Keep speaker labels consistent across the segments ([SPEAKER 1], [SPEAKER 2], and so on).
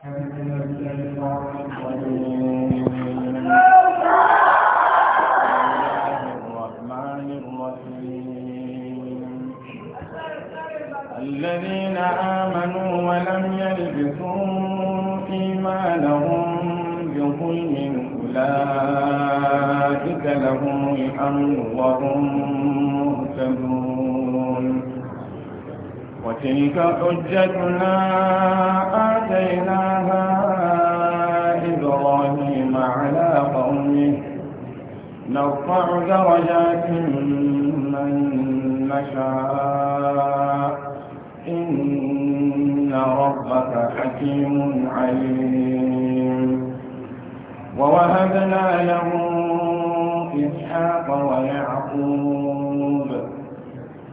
[SPEAKER 1] الذين آمنوا ولم يلبسوا إيمانهم بظلم أولئك لهم الأمن وهم مهتدون تلك حجتنا آتيناها إبراهيم على قومه نرفع درجات من نشاء إن ربك حكيم عليم ووهبنا له إسحاق ويعقوب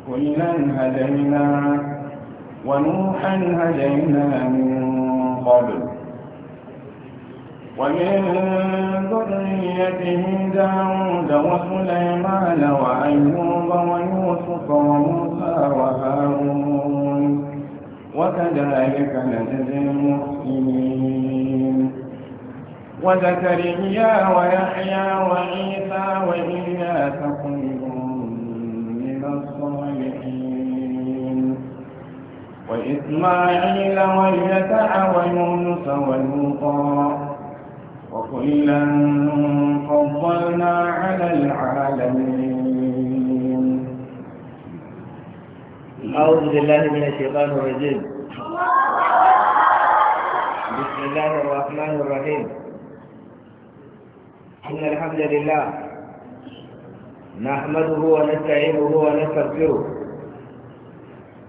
[SPEAKER 1] كلا هدينا ونوحا هدينا من قبل ومن ذريته داود وسليمان وأيوب ويوسف وموسى وهارون وكذلك نجزي المحسنين وزكريا ويحيى وعيسى وإياس كل من الصالحين وإسماعيل ويسع ويونس ولوطا وكلا فضلنا على العالمين أعوذ بالله من الشيطان الرجيم
[SPEAKER 2] بسم الله الرحمن الرحيم إن الحمد لله نحمده ونستعينه ونستغفره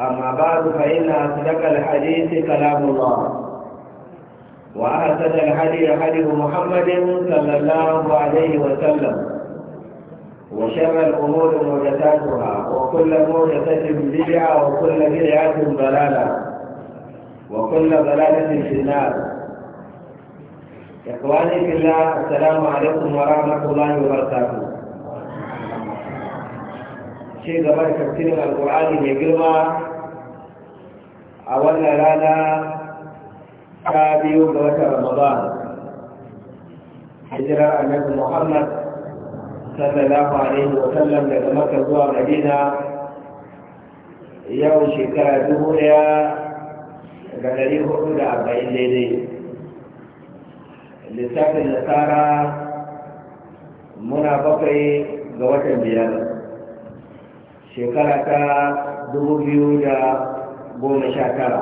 [SPEAKER 2] أما بعد فإن أصدق الحديث كلام الله وأحسن الحديث حديث محمد صلى الله عليه وسلم وشر الأمور محدثاتها وكل محدثة بدعة وكل بدعة ضلالة وكل ضلالة في النار إخواني في الله السلام عليكم ورحمة الله وبركاته ce gaba da tafsirin alkur'ani mai girma a wannan rana ta biyu ga watan ramadan hijirar annabi muhammad sallallahu alaihi wa sallam daga maka zuwa madina yau shekara dubu daya da dari hudu da arba'in daidai lissafin nasara muna bakwai ga watan biyar shekara ta dubu biyu da goma sha tara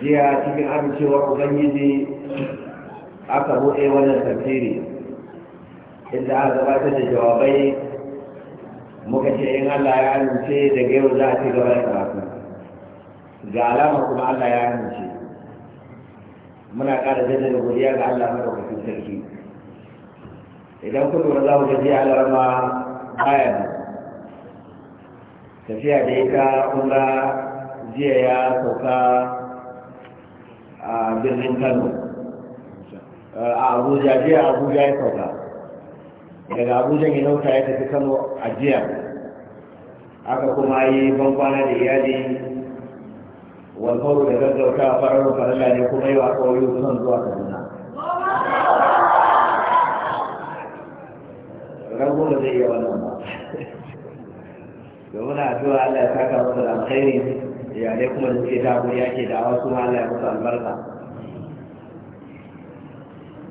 [SPEAKER 2] jiya cikin amincewar ubangiji aka buɗe wannan tafsiri inda aka gabatar da jawabai muka ce in allah ya amince daga yau za a ci gaba da karatu ga alama kuma allah ya amince muna ƙara jaddada godiya ga allah madaukakin sarki idan kuma za mu gaji alarma baya tafiya da ita ka umra jiya ya sauka a birnin kano a abuja jiya abuja ya sauka daga abuja ya nauta ya tafi kano a jiya aka kuma yi kwana da iyali walfauru da gaggauta a farar farilla ne kuma yi wa kawai son zuwa kaduna rago ba zai iya wannan ba da muna addu'a Allah ya saka musu da alkhairi iyalai kuma da suke dago ya ke da su ma Allah ya musu albarka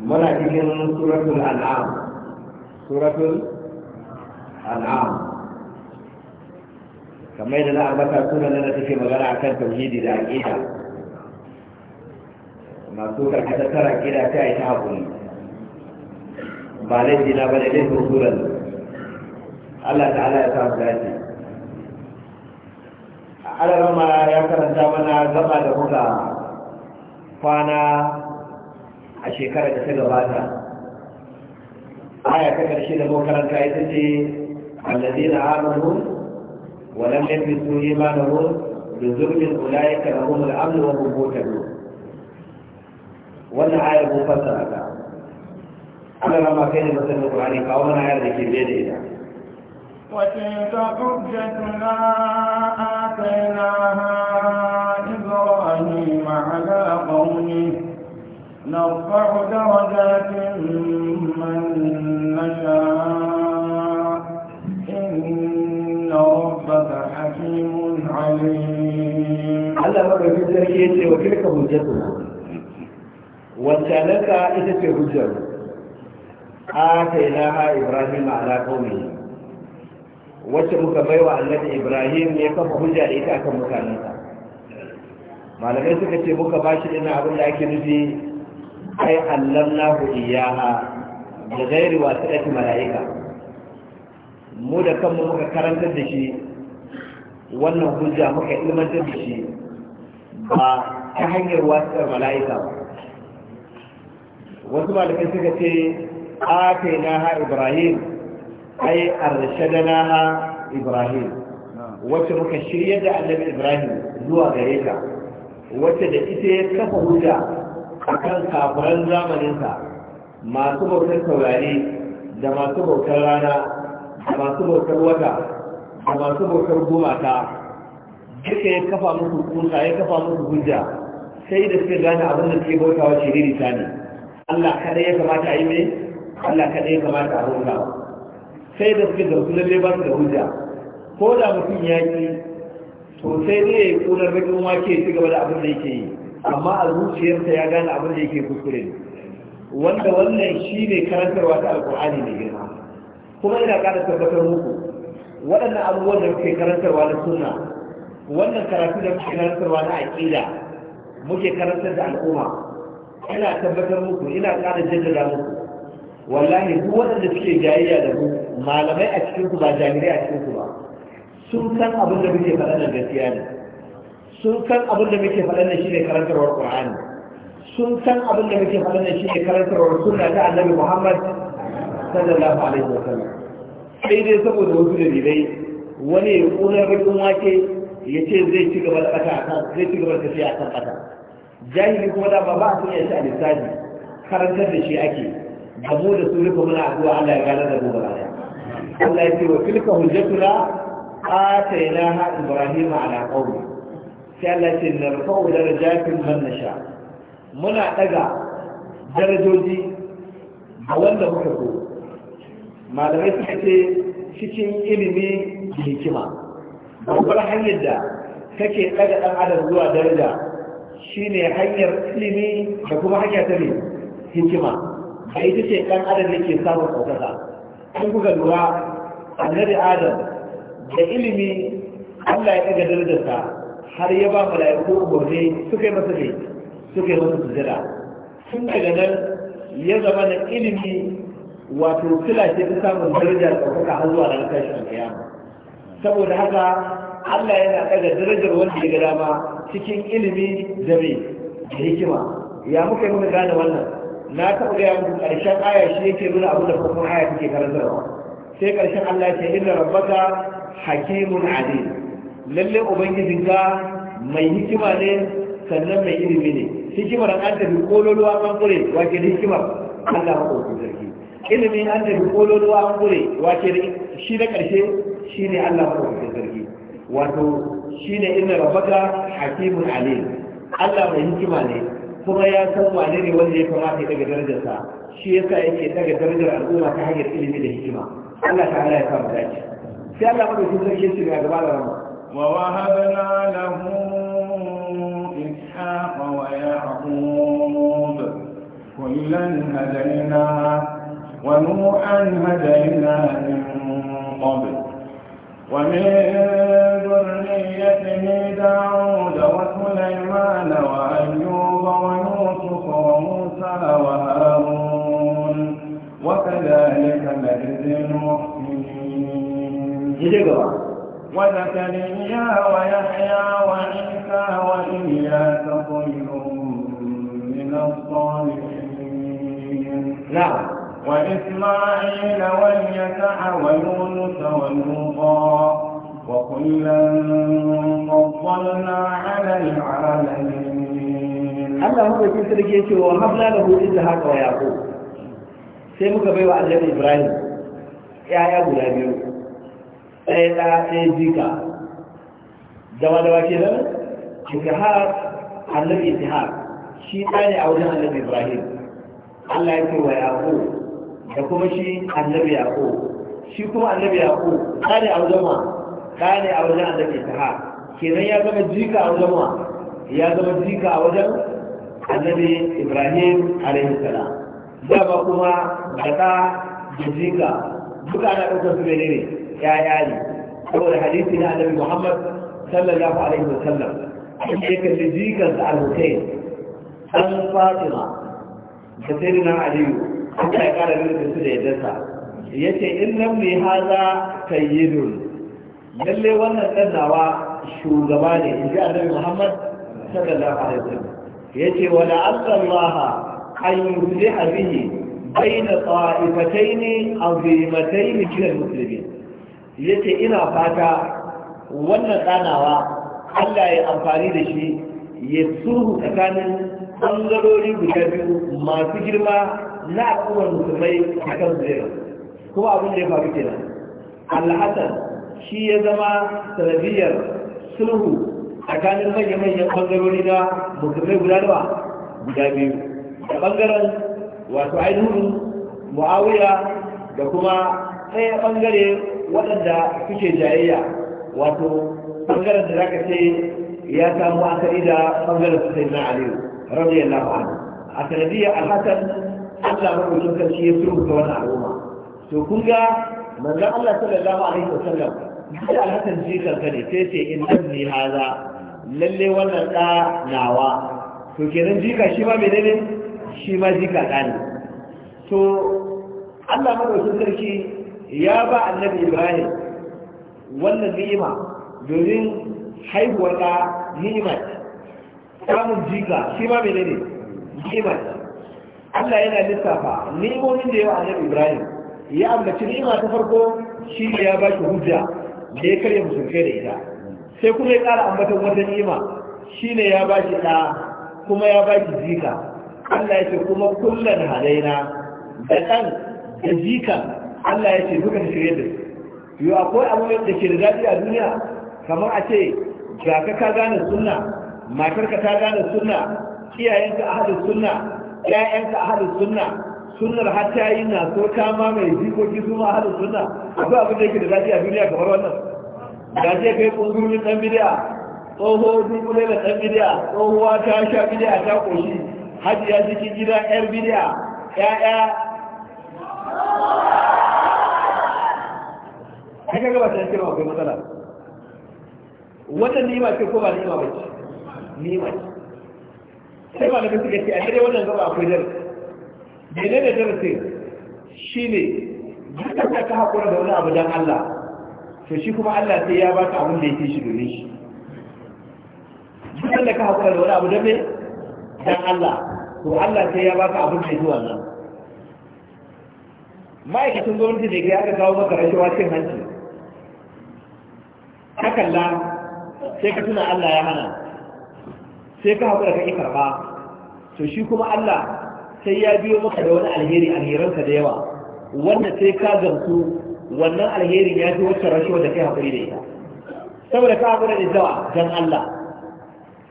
[SPEAKER 2] muna cikin suratul al'am. suratul an'am kamar da na ambata sunan da take magana a kan tauhidi da aqida masu karkatar kira ta yi ta haƙuri ba laifi na ba bane laifin suran Allah ta'ala ya samu dace alaran ma ya karanta mana gaba da muka kwana a shekarar da ta gabata aya ta karshe da makaranta ita ce allazina amanu wa lam yalbisu imanahum bi zulmin ulaika lahum al-amn wa hum muhtadun wannan ayar mun fassara ta Allah rama كان ne masan da Qur'ani kawo mana ayar
[SPEAKER 1] وتلك حجتنا آتيناها إبراهيم على قومه نرفع درجات من نشاء إن ربك حكيم عليم على
[SPEAKER 2] رب في الزرقية وتلك حجتنا وتلك إذا في حجتنا atainaha ibrahim ala qaumihi wacce muka baiwa annabi ibrahim ya kafa hujja da ita akan mutanensa malamai suka ce muka ba shi ina abin da ake nufi ai allamnahu iyaha da gairi wasu ɗaki mala'ika mu da kanmu muka karantar da shi wannan hujja muka ilmantar da shi ba ta hanyar wasu mala'ika ba wasu malamai suka ce atainaha ibrahim ai arshadanaha ibrahim wacce muka shirya da annabi ibrahim zuwa gare Wace da ita ya kafa hujja akan kafiran zamaninsa masu bautar taurari da masu bautar rana da masu bautar wata da masu bautar gumaka duka ya kafa musu kusa ya kafa musu hujja sai da suka gane abin da suke bautawa shiriri ta ne Allah kada ya kamata a yi mai Allah kaɗai ya kamata a roƙa sai da suke zartu na ba su da hujja ko da mutum ya ki to sai ne ya yi ƙunar rikin wake ya ci gaba da abin da yake yi amma a zuciyarsa ya gane abin da yake kuskure wanda wannan shi ne karantarwa ta alƙur'ani mai girma kuma ina ƙara tabbatar muku waɗannan abubuwan da muke karantarwa na suna wannan karatu da muke karantarwa na aƙida muke karantar da al'umma ina tabbatar muku ina ƙara jaddada muku wallahi duk waɗanda suke jayayya da ku malamai a cikin ku ba jami'ai a cikin ku ba sun san abin da muke faɗa nan gaskiya ne sun san abin da muke faɗa nan shine karantarwar Qur'ani sun san abin da muke faɗa nan shine karantarwar sunna ta Annabi Muhammad sallallahu alaihi wasallam sai dai saboda wasu dalilai wani ya ƙunar bakin wake ya ce zai ci gaba da ɓata zai ci gaba da tafiya a kan ɓata jahili kuma da ba ba a sun shi a lissafi karantar da shi ake da mu da su duka muna addu'a Allah ya gane da mu gaba daya Allah ya ce wa tilka hujjatuna atainaha ibrahima ala qawmi sai Allah ya ce narfa'u darajatin man nasha muna daga darajoji a wanda muka so malamai suka ce cikin ilimi da hikima babbar hanyar da kake daga dan adam zuwa daraja shine hanyar ilimi da kuma hanyar ta ne hikima a ita ce ɗan adam yake samun ɗaukaka sun kuka lura annabi adam da ilimi Allah ya ɗaga darajarsa har ya ba mala'iku umarni suka yi masa ne suka yi masa sujada tun daga nan ya zama na ilimi wato sila ce ta samun darajar ɗaukaka har zuwa ranar tashin kiyama saboda haka Allah yana ɗaga darajar wanda ya ga dama cikin ilimi da mai da hikima ya muka yi muka gane wannan na taɓa gaya muku ƙarshen aya shi yake nuna abin da farkon aya take karantarwa sai ƙarshen Allah ce inna rabbaka hakimun alim lalle ubangijinka mai hikima ne sannan mai ilimi ne hikimar an tafi kololuwa an kure wake da hikimar Allah ko zargi ilimi an tafi kololuwa an kure wake da shi na ƙarshe shine Allah ko zargi wato shine inna rabbaka hakimun alim Allah mai hikima ne kuma ya san wane ne wanda ya kamata ya daga darajarsa shi ya sa yake daga darajar al'umma ta hanyar ilimi da hikima Allah ta'ala ya samu dace
[SPEAKER 1] sai Allah madaukakin sarki ya ce ga gaba da rama ووهبنا له إسحاق ويعقوب كلا هدينا ونوحا هدينا من قبل ومن ذريته داود وسليمان وأيوب وهارون وكذلك المحسنين وزكريا ويحيى وعيسى من الصالحين نعم. وإسماعيل واليسع ويونس ولوطا وكلا فضلنا على العالمين Allah madaukin sarki yake wa habla lahu haka wa
[SPEAKER 2] yaƙo. sai muka baiwa Allah Ibrahim yaya guda biyu ɗaya ɗa ɗaya jika dawa dawa ke nan har ya Ishaq shi ɗa ne a wajen Allah Ibrahim Allah ya ce wa yaƙo. da kuma shi annabi Yaƙo. shi kuma annabi Yaƙo. ɗa ne a wajen ma ɗa ne a wajen ya Ishaq kenan ya zama jika a wajen ma ya zama jika a wajen annabi ibrahim alaihi salam ba kuma gada da duka ana ɗaukar su ne ne ya ne saboda hadisi na annabi muhammad sallallahu alaihi wasallam in ya kalli jikan sa al an fatima da na aliyu Allah ya kara nuna su da yaddarsa ya ce in nan ne haza kayyidun lalle wannan ɗan nawa shugaba ne in ji annabi muhammad sallallahu alaihi wasallam yace wa la'alla Allah an yusliha bihi a ta'ifatayn azimatayn min al-muslimin yace ina fata wannan tsanawa Allah ya amfani da shi ya sulhu tsakanin ɓangarori guda biyu masu girma na al'ummar musulmai a kan zira kuma abin da ya faru kenan alhassan shi ya zama sanadiyar sulhu tsakanin manya-manyan bangarori na musulmai guda nawa guda biyu da bangaren wato ainihin mu'awiya da kuma ɗaya bangare waɗanda suke jayayya wato bangaren da zaka ce ya samu asali da bangaren su sai na aliyu radiyallahu anhu a sanadiyar alhassan allah mabukin karshe ya sulhu ga wani al'umma to kun ga manzan allah sallallahu alaihi wasallam da alhassan ji ka ne sai ce in dabni haza lalle wannan ɗa nawa to kenan jika shi ma menene shi ma jika ɗa to Allah madaukakin sarki ya ba annabi Ibrahim wannan ni'ima domin haihuwar ɗa ni'ima samun jika shi ma menene ni'ima Allah yana lissafa ni'imomin da yawa annabi Ibrahim ya ambaci ni'ima ta farko shi ya ba shi hujja da ya karya musulkai da ita sai kuma ya ƙara ambatan wata ni'ima shine ya ba shi ɗa kuma ya ba shi Allah ya ce kuma kullum halaina da ɗan da zika, Allah ya ce duka ta shirye da su yau akwai abubuwan da ke da a duniya kamar a ce jaka ka ka gane sunna matarka ta gane sunna iyayenka a hadin sunna ƴaƴanka a hadin sunna sunnar har ta yi na so ta mamaye jikoki su ma a hadin sunna akwai abin da yake da zafi a duniya kamar wannan da je kai kungurin dan bidiya tsoho dunkule da dan bidiya tsohuwa ta sha bidiya ta koshi ya ciki gida yar bidiya ya'ya ai kaga ba ta kira akwai matsala wannan nima ce ko ba nima ba ce nima ce sai ba da suka ce a dare wannan gaba akwai darasi menene darasin shine duk da ka hakura da wani abu dan Allah to shi kuma Allah sai ya baka abin da yake shi domin shi duk da ka hakura da wani abu da me dan Allah to Allah sai ya baka abin da yake wannan ma'aikacin gwamnati da ya aka kawo maka rashawa cin hanci ka kalla sai ka tuna Allah ya hana sai ka hakura ka ki karba to shi kuma Allah sai ya biyo maka da wani alheri alheransa da yawa wanda sai ka gamsu wannan alherin ya fi wacce rashuwar da kai haƙuri da ita saboda ka haƙura da zawa don Allah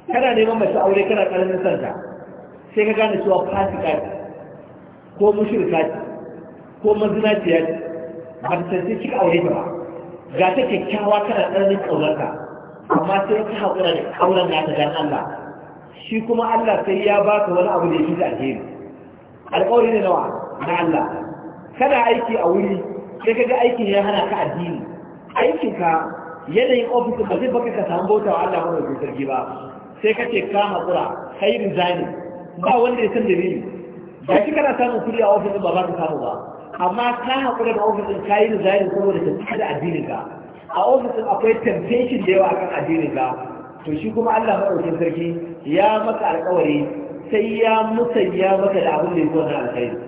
[SPEAKER 2] kana neman mace aure kana ƙaramin santa sai ka gane cewa fasika ce ko mushirka ce ko mazinaciya ce ba ta sai cika aure ba ga ta kyakkyawa kana ƙaramin ƙaunarka amma sai ka haƙura da ƙaunar nata don Allah shi kuma Allah sai ya baka wani abu da ya fi alheri alƙawari ne nawa na Allah kana aiki a wuri sai kaga aikin ya hana ka addini aikin ka yanayin ofis ba zai baka ka samu bauta wa Allah mai sarki ba sai ka ce ka matsura kai rizani ba wanda ya san dalili ba shi kana samun kuɗi a ofis ba za ka samu ba amma ka haƙura da ofis ka yi rizani saboda ka cika da addininka. ka a ofis akwai temptation da yawa akan addininka. ka to shi kuma Allah mai sarki ya maka alƙawari sai ya musanya maka da abin da ya zo na alkhairi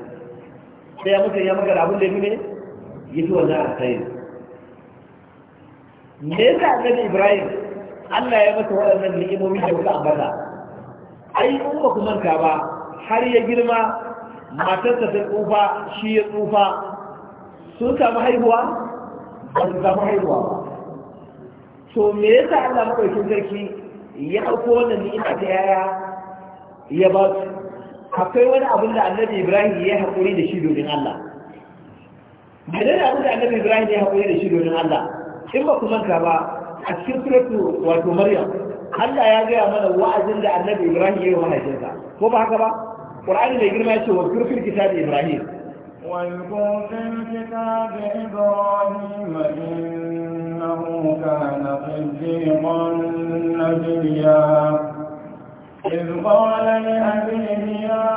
[SPEAKER 2] sai ya musanya maka da abin da ya fi ne Yi ya fi wannan alkhairi me yasa annabi ibrahim allah ya mata waɗannan ni'imomi da kuka ambata ai in ba ku manta ba har ya girma matarsa ta tsufa shi ya tsufa sun samu haihuwa ba su samu haihuwa ba to me yasa allah maɗaukin sarki ya ɗauko wannan ni'ima ta yaya ya ba su akwai wani abin da annabi ibrahim ya yi haƙuri da shi domin allah menene abin da annabi ibrahim ya haƙuri da shi domin allah in ba ku manta ba a cikin suratu wato maryam allah ya gaya mana wa'azin da annabi ibrahim ya yi mahaifinsa ko ba haka ba ƙur'ani mai girma ya ce wa kirkir da
[SPEAKER 1] ibrahim واذكر في إبراهيم إنه كان صديقا نبيا إذ قال لأبيه يا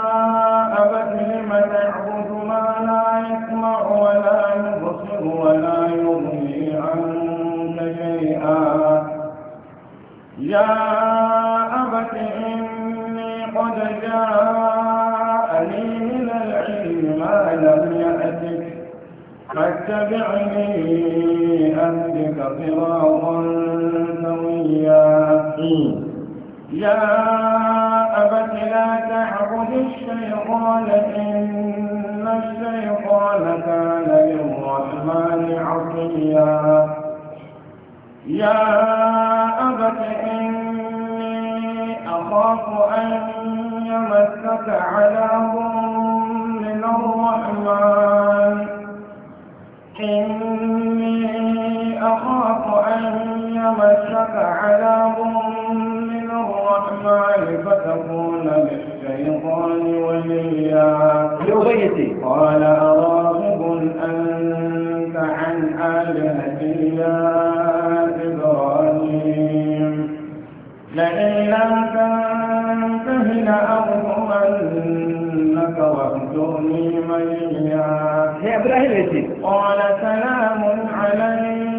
[SPEAKER 1] أبت لم تعبد ما لا يسمع ولا يبصر ولا يغني عنك شيئا يا أبت إني قد جاءني من العلم ما لم يأتك فاتبعني أهدك صراطا سويا يا أبت لا تعبد الشيطان إن الشيطان كان للرحمن عطيا يا أبت إني أخاف أن يمسك عذاب من الرحمن إني أخاف أن يمسك عذاب الرحمن فتكون للشيطان وليا لغيتي قال أراغب أنت عن آلهتي يا إبراهيم لئن لم تنته لأرجمنك واهجرني مليا يا إبراهيم قال سلام عليك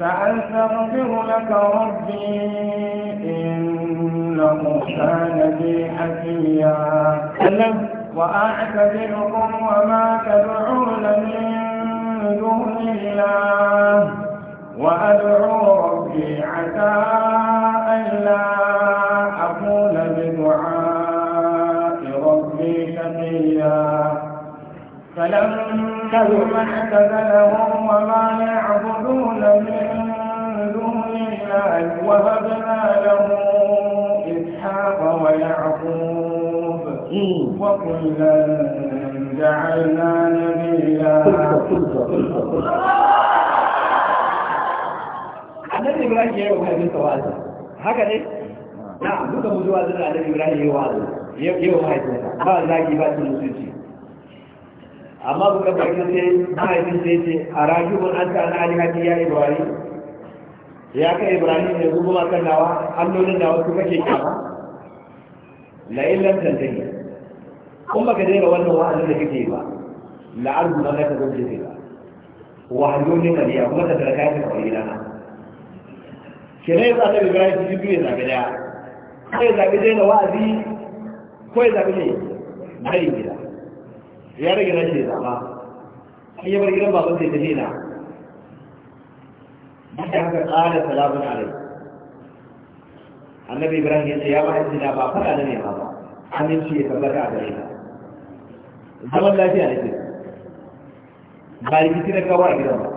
[SPEAKER 1] فأستغفر لك ربي إنه كان بي حكيا وأعتذركم وما تدعون من دون الله وأدعو ربي عسى ألا أكون بدعاء ربي شقيا فلما كذب اعتزلهم وما يعبدون من دون الله وهبنا له إسحاق ويعقوب hmm. وكلا جعلنا نبيا Annabi Ibrahim ya yi wa mahaifinsa wa'azi,
[SPEAKER 2] haka ne? Na, duka mu zuwa Annabi Ibrahim ya yi wa'azi, ya yi wa mahaifinsa, ba zagi ba cin mutunci. amma buka farko sai mahaifin sai ce a rajibin an ta na alihati ya ibrahim ya kai ibrahim ya zuba maka nawa allolin nawa su kake kyama la illan tantani kun baka daina wannan wa'azin da kake ba la arzu na ka zan jefe ba wahalolin na ya kuma tattara kayan ka kawai gidana kenan ya zaɓi ibrahim su biyu ya zaɓi daya ko zaɓi daina wa'azi ko ya zaɓi ne mai ya rage na shi zama an yi bar gidan baban sai ta nina duk da haka ƙara salamun alai annabi ibrahim ya ce ya ba na ba faɗa na nema ba aminci ya tabbata a gare ka zaman lafiya ne ce ba rikici na kawo a gidan ba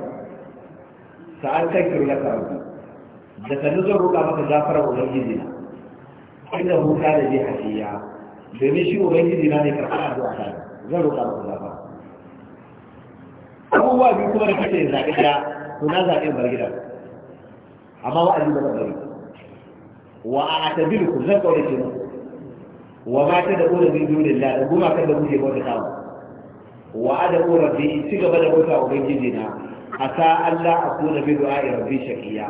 [SPEAKER 2] sa'an kan kiro na kawo da sannu zan roƙa maka zafarar ubangiji na inda huka da je hasiya domin shi ubangiji na ne karɓar zuwa ta zan roƙa maka gafara abubuwa biyu kuma da kake zaɓi ɗaya to na zaɓi bar gida amma wa'azi ba zan bari wa a biyu ku zan kaurace muku wa ma ta da ƙura zai dole la da goma kan da muke bauta kawo wa a da ƙura zai ci gaba da bauta wa ubangiji na a sa Allah a kuna bi du'a rabbi shaqiya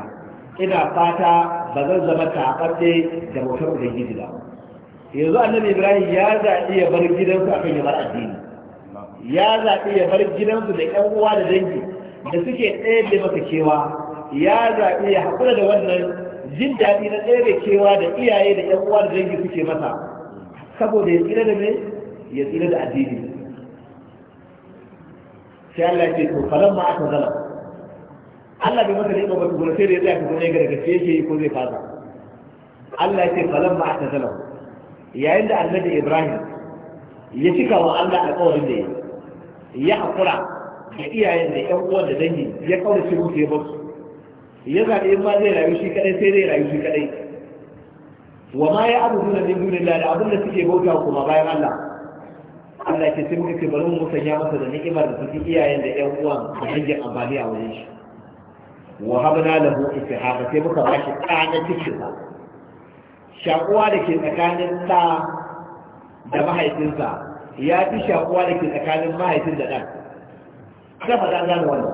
[SPEAKER 2] ina fata ba zan zama taɓaɓɓe da bautar ubangiji ba yanzu annabi ibrahim ya zaɓi ya bar gidansu akan kan yamar addini ya zaɓi ya bar gidansu da ƴan uwa da dangi da suke ɗaya da masa kewa ya zaɓi ya haƙura da wannan jin daɗi na ɗaya da kewa da iyaye da ƴan uwa da dangi suke masa saboda ya tsira da me ya tsira da addini sai Allah ya ce to falan ma aka zala Allah bai masa neman ba gurasai da ya tsaya zama ya gargace yake ko zai fasa Allah ya ce falan ma aka zala yayin da annabi ibrahim ya cika wa allah alƙawarin da ya ya haƙura da iyayen da ƴan uwan da dangi ya kaura shi rufe ya ya zaɓi in ma zai rayu shi kaɗai sai zai rayu shi kaɗai wa ma ya abu nuna min dunin da abin da suke bauta kuma bayan allah allah ke sai muka ce bari mu musanya masa da ni'imar da suke iyayen da ƴan uwan da dangin amfani a wajen shi wa habna lahu ishaqa sai muka bashi ƙana cikin sa shakuwa da ke tsakanin ta da mahaifinsa ya fi shakuwa da ke tsakanin mahaifin da ɗan ta faɗa gane wani.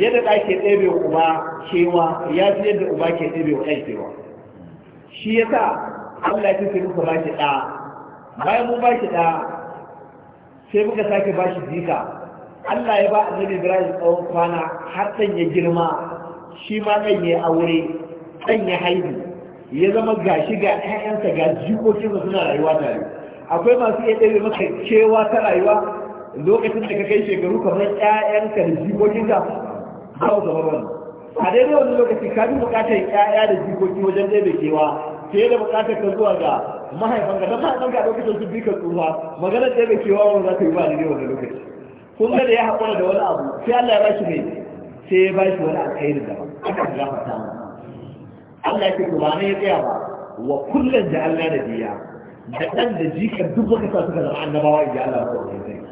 [SPEAKER 2] yadda ɗa ke ɗebe wa uba cewa ya fi yadda uba ke ɗebe wa ɗan cewa shi ya sa Allah ya fi muka ba shi ɗa bayan mun ba shi ɗa sai muka sake ba shi jika Allah ya ba a bira da tsawon kwana har ɗan ya girma shi ma ɗan ya aure ɗan ya haihu ya zama gashi ga ƴaƴansa ga jikokinsa suna rayuwa tare akwai masu iya ɗaya maka cewa ta rayuwa lokacin da ka kai shekaru kamar ƴaƴanka da jikokinka ba su zama wani a daidai wani lokaci ka bi buƙatar ƴaƴa da jikoki wajen ɗaya kewa sai da buƙatar ka zuwa ga mahaifanka don mahaifan ka lokacin su bi ka tsufa maganar ɗaya kewa wani za ka yi ba daidai wani lokaci kun ga da ya haƙura da wani abu sai Allah ya ba shi mai sai ya ba shi wani alkhairi da ba aka gafarta mu Allah ya ce to ba ne ya tsaya ba wa kullun da Allah da jiya da dan da jikar duk baka sa suka zama annabawa idan Allah ya tsaya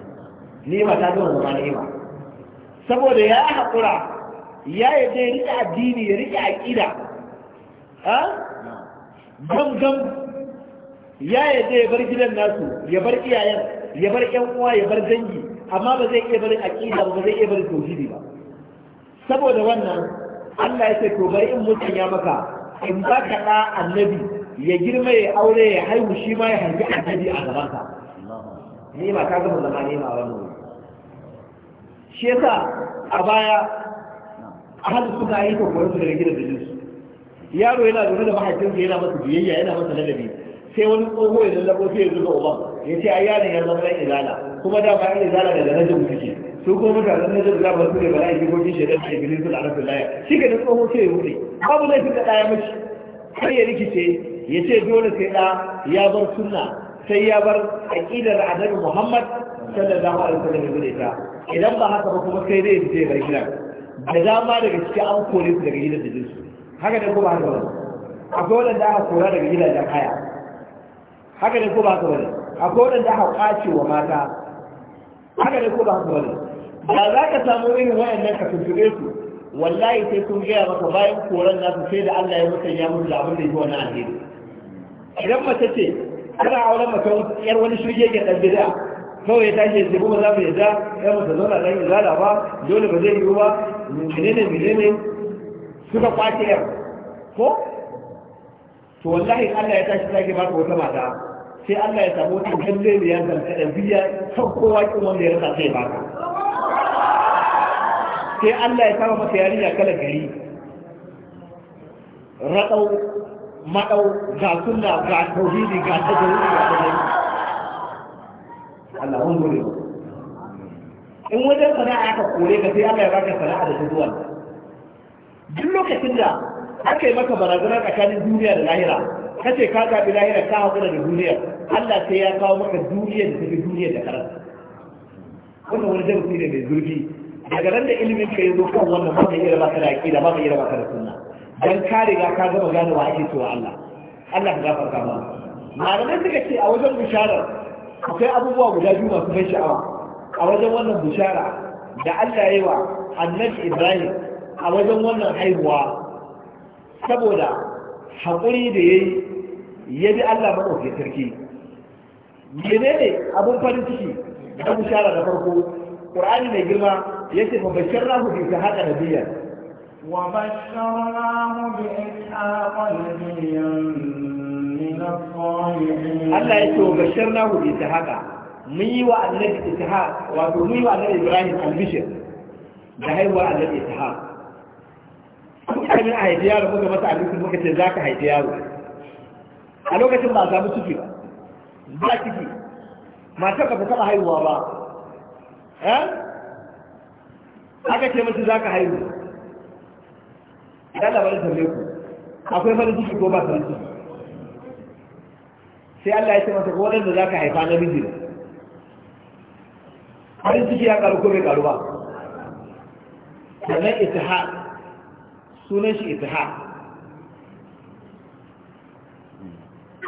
[SPEAKER 2] ne ma ta zama zama ne ba saboda ya haƙura ya yadda ya riƙe addini ya riƙe aƙida ha gangan ya yadda ya bar gidan nasu ya bar iyayen ya bar ƴan uwa ya bar dangi amma ba zai iya barin aƙida ba zai iya barin tauhidi ba saboda wannan Allah ya ce to bari in mutun ya maka in ba ka ɗa annabi ya girma ya aure ya haihu shi ma ya haifi annabi a Ni ma ka gama zama ma a wannan shi yasa a baya ahalu suna yi ko su daga gidan da jinsu yaro yana zaune da mahaifinsa yana masa biyayya yana masa ladabi sai wani tsoho ya lallabo sai ya zuba uban ya ce a yaron ya zama ɗan izala kuma da ba ɗan izala da darajar mutu ke su ko mutanen na jirga ba su ne ba laifin gogin shaidan da ibilis su la'arafin laya shi ka da tsoho ce ya wuce babu laifin da ɗaya mace har ya rikice ya ce dole sai ɗa ya bar sunna sai ya bar aƙidar annabi muhammad sallallahu alaihi wasallam ya bude ta idan ba haka ba kuma sai dai ya ce bar gidan da dama daga ciki an kore su daga gidan da jinsu haka ne kuma haka ba akwai waɗanda aka kora daga gidajen haya haka ne kuma haka ba akwai waɗanda aka ƙwace wa mata haka ne kuma haka ba Ba za ka samu irin nan ka tuntube su wallahi sai sun gaya maka bayan koran nasu sai da Allah ya musan ya musu da da yi wannan alheri idan mace ce kana auren mace yar wani shirye ke ɗan bid'a kawai ya ce ya kuma za mu yadda ya mutu zauna yi izala ba dole ba zai yi ba menene menene suka kwace yar ko to wallahi Allah ya tashi sake baka wata mata sai Allah ya samu wata kalle ne ya zanta da biya kan kowa kin wanda ya rasa sai baka sai Allah ya kama masa yarinya kala gari raɗau maɗau ga suna ga tauhidi ga tajawidi ga tajawidi Allah mun gure in wajen sana'a aka kore ka sai Allah ya baka sana'a da zuwa duk lokacin da aka yi maka barazana tsakanin duniya da lahira kace ka zaɓi lahira ka haƙura da duniya Allah sai ya kawo maka duniya da tafi duniya da karanta wannan wani jarumi ne mai zurfi daga nan da ilimin ka yanzu kan wannan ba ka iya baka da ba ka iya baka da sunna dan ka riga ka gama gane wa ake cewa Allah Allah ya gafarta ma malamai suka ce a wajen bisharar akwai abubuwa guda biyu masu ban sha'awa a wajen wannan bishara da Allah ya yi wa annabi Ibrahim a wajen wannan haihuwa saboda haƙuri da ya yi ya bi Allah maɗauke sarki menene abun farin ciki da bishara da farko qur'ani mai girma yace fa basharnahu bi ishaqa nabiyya
[SPEAKER 1] wa basharnahu bi ishaqa nabiyya min
[SPEAKER 2] as-salihin Allah yace wa basharnahu bi ishaqa mun yi wa annabi ishaq wato mun yi wa annabi Ibrahim al-bishir da haihuwa annabi ishaq kamin a haifi yaro muka masa abincin muka ce za ka haifi yaro a lokacin ba a samu ciki ba ba ciki matar ka ta taɓa haihuwa ba Eh? aka ce masu za ka haihu ya labarin tambaye ku akwai farin ciki ko ba farin ciki sai Allah ya ce masa ko da za ka haifa na miji farin ciki ya karu ko bai karu ba sannan ha sunan shi ita ha